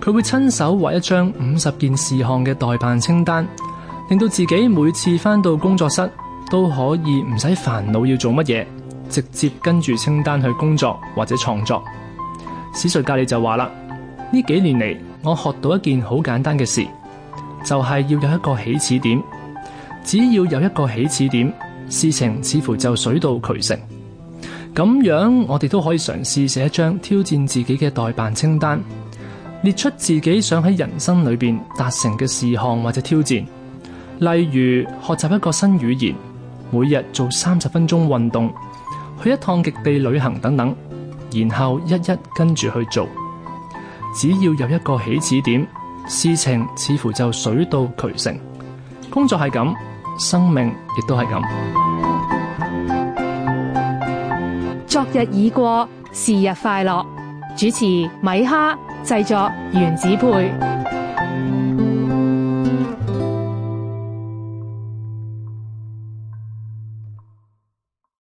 佢會親手畫一張五十件事項嘅待辦清單，令到自己每次返到工作室都可以唔使煩惱要做乜嘢，直接跟住清單去工作或者創作。史瑞格利就話啦：呢幾年嚟，我學到一件好簡單嘅事，就係要有一個起始點。只要有一個起始點，事情似乎就水到渠成。咁樣我哋都可以嘗試寫一張挑戰自己嘅待辦清單。列出自己想喺人生裏邊達成嘅事項或者挑戰，例如學習一個新語言、每日做三十分鐘運動、去一趟極地旅行等等，然後一一跟住去做。只要有一個起始點，事情似乎就水到渠成。工作係咁，生命亦都係咁。昨日已過，是日快樂。主持米哈。製作原子配。